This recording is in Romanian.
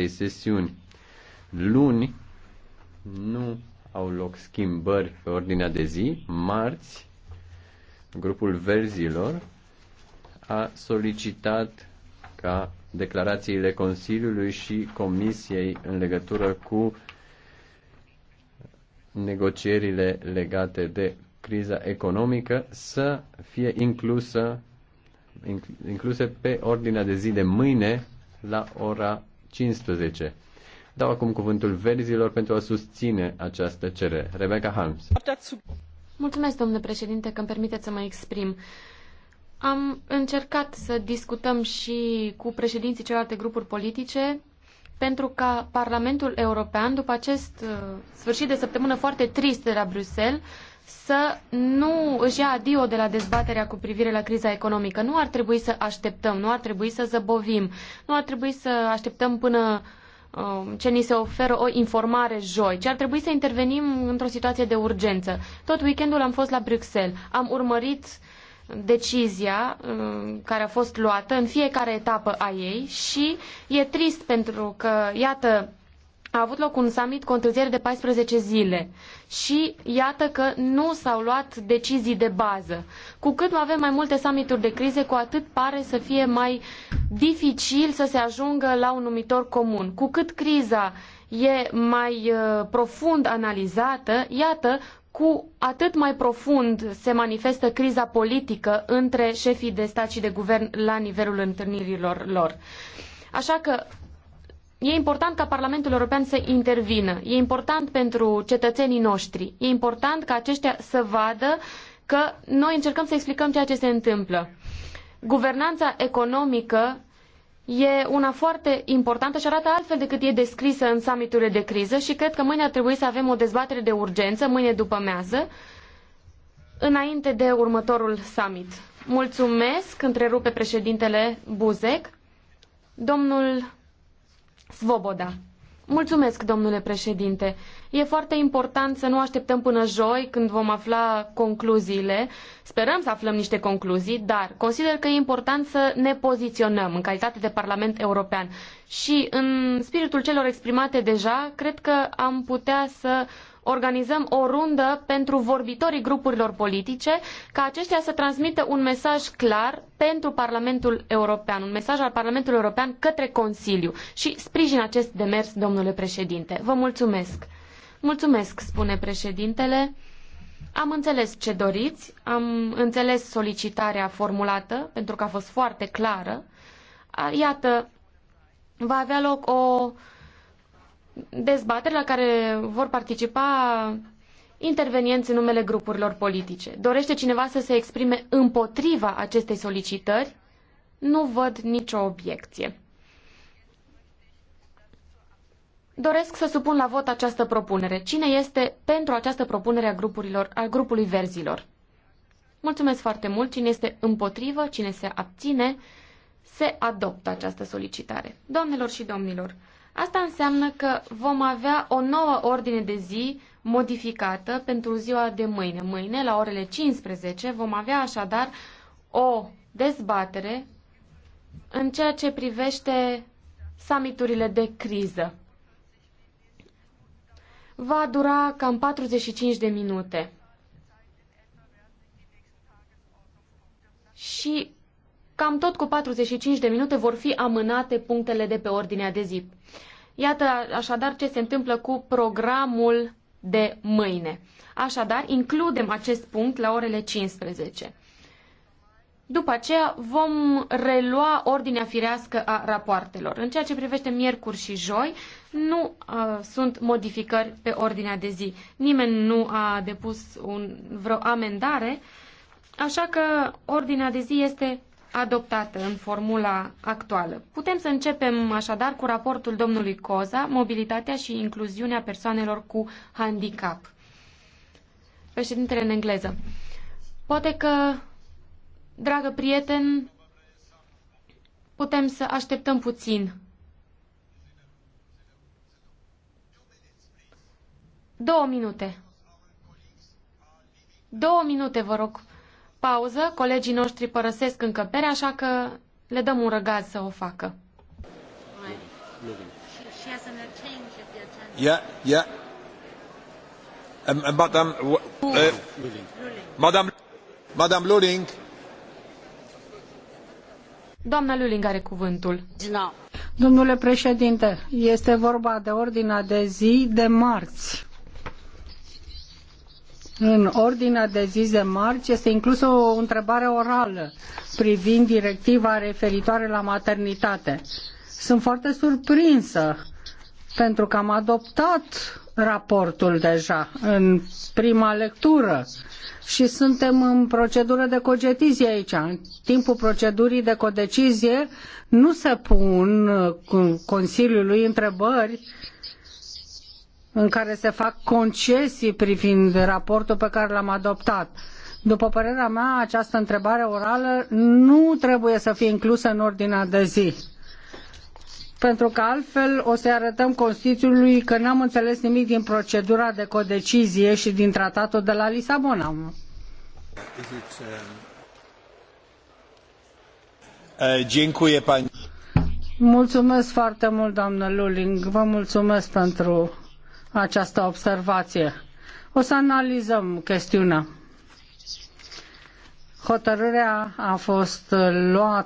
acestei sesiuni. Luni nu au loc schimbări pe ordinea de zi. Marți, grupul verzilor a solicitat ca declarațiile Consiliului și Comisiei în legătură cu negocierile legate de criza economică să fie inclusă incluse pe ordinea de zi de mâine la ora 15. Dau acum cuvântul verzilor pentru a susține această cerere. Rebecca Harms. Mulțumesc, domnule președinte, că îmi permiteți să mă exprim. Am încercat să discutăm și cu președinții celelalte grupuri politice pentru ca Parlamentul European, după acest uh, sfârșit de săptămână foarte trist de la Bruxelles, să nu își ia adio de la dezbaterea cu privire la criza economică. Nu ar trebui să așteptăm, nu ar trebui să zăbovim, nu ar trebui să așteptăm până um, ce ni se oferă o informare joi, ci ar trebui să intervenim într-o situație de urgență. Tot weekendul am fost la Bruxelles, am urmărit decizia um, care a fost luată în fiecare etapă a ei și e trist pentru că, iată, a avut loc un summit cu o întârziere de 14 zile și iată că nu s-au luat decizii de bază. Cu cât avem mai multe summituri de crize, cu atât pare să fie mai dificil să se ajungă la un numitor comun. Cu cât criza e mai uh, profund analizată, iată, cu atât mai profund se manifestă criza politică între șefii de stat și de guvern la nivelul întâlnirilor lor. Așa că E important ca Parlamentul European să intervină, e important pentru cetățenii noștri, e important ca aceștia să vadă că noi încercăm să explicăm ceea ce se întâmplă. Guvernanța economică e una foarte importantă și arată altfel decât e descrisă în summiturile de criză și cred că mâine ar trebui să avem o dezbatere de urgență, mâine după mează, înainte de următorul summit. Mulțumesc, întrerupe președintele Buzek. Domnul Svoboda. Mulțumesc, domnule președinte. E foarte important să nu așteptăm până joi când vom afla concluziile. Sperăm să aflăm niște concluzii, dar consider că e important să ne poziționăm în calitate de Parlament European. Și în spiritul celor exprimate deja, cred că am putea să organizăm o rundă pentru vorbitorii grupurilor politice, ca aceștia să transmită un mesaj clar pentru Parlamentul European, un mesaj al Parlamentului European către Consiliu. Și sprijin acest demers, domnule președinte. Vă mulțumesc. Mulțumesc, spune președintele. Am înțeles ce doriți, am înțeles solicitarea formulată, pentru că a fost foarte clară. Iată, va avea loc o dezbateri la care vor participa intervenienți în numele grupurilor politice. Dorește cineva să se exprime împotriva acestei solicitări? Nu văd nicio obiecție. Doresc să supun la vot această propunere. Cine este pentru această propunere a, grupurilor, a grupului verzilor? Mulțumesc foarte mult. Cine este împotrivă, cine se abține, se adoptă această solicitare. Doamnelor și domnilor, Asta înseamnă că vom avea o nouă ordine de zi modificată pentru ziua de mâine. Mâine, la orele 15, vom avea așadar o dezbatere în ceea ce privește summiturile de criză. Va dura cam 45 de minute. Și cam tot cu 45 de minute vor fi amânate punctele de pe ordinea de zi. Iată așadar ce se întâmplă cu programul de mâine. Așadar, includem acest punct la orele 15. După aceea vom relua ordinea firească a rapoartelor. În ceea ce privește miercuri și joi, nu uh, sunt modificări pe ordinea de zi. Nimeni nu a depus un, vreo amendare, așa că ordinea de zi este adoptată în formula actuală. Putem să începem așadar cu raportul domnului Coza, mobilitatea și incluziunea persoanelor cu handicap. Președintele în engleză. Poate că, dragă prieten, putem să așteptăm puțin. Două minute. Două minute, vă rog pauză, colegii noștri părăsesc încăperea, așa că le dăm un răgaz să o facă. Yeah, yeah. madam, um, uh, madam uh, uh, Luling. Doamna Luling are cuvântul. Da. Domnule președinte, este vorba de ordinea de zi de marți în ordinea de zi de marți este inclusă o întrebare orală privind directiva referitoare la maternitate. Sunt foarte surprinsă pentru că am adoptat raportul deja în prima lectură și suntem în procedură de codecizie aici. În timpul procedurii de codecizie nu se pun uh, Consiliului întrebări în care se fac concesii privind raportul pe care l-am adoptat. După părerea mea, această întrebare orală nu trebuie să fie inclusă în ordinea de zi. Pentru că altfel o să arătăm Constituțiului că n-am înțeles nimic din procedura de codecizie și din tratatul de la Lisabona. Mulțumesc foarte mult, doamnă Luling. Vă mulțumesc pentru această observație. O să analizăm chestiunea. Hotărârea a fost luată